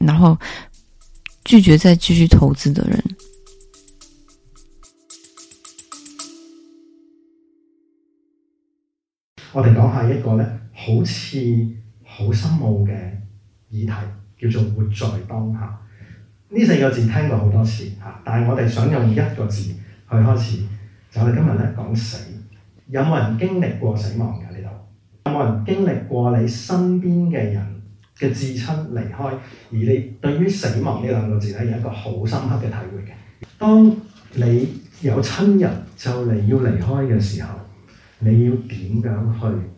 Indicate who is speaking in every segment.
Speaker 1: 然後拒絕再繼續投資的人，我哋講一下一個呢，好似好深奧嘅議題，叫做活在當下。呢，啊，四個字聽過好多次，啊，但係我哋想用一個字去開始，就我哋今日呢，講死。有冇人經歷過死亡嘅？呢度有冇人經歷過你身邊嘅人？嘅至親離開，而你對於死亡呢兩個字咧，有一個好深刻嘅體會嘅。當你有親人就嚟要離開嘅時候，你要點樣去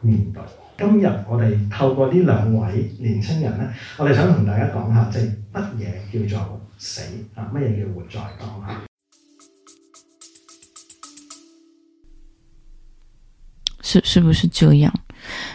Speaker 1: 面對？今日我哋透過呢兩位年輕人咧，我哋想同大家講下，即係乜嘢叫做死啊？乜嘢叫活在當下？是是不是這樣？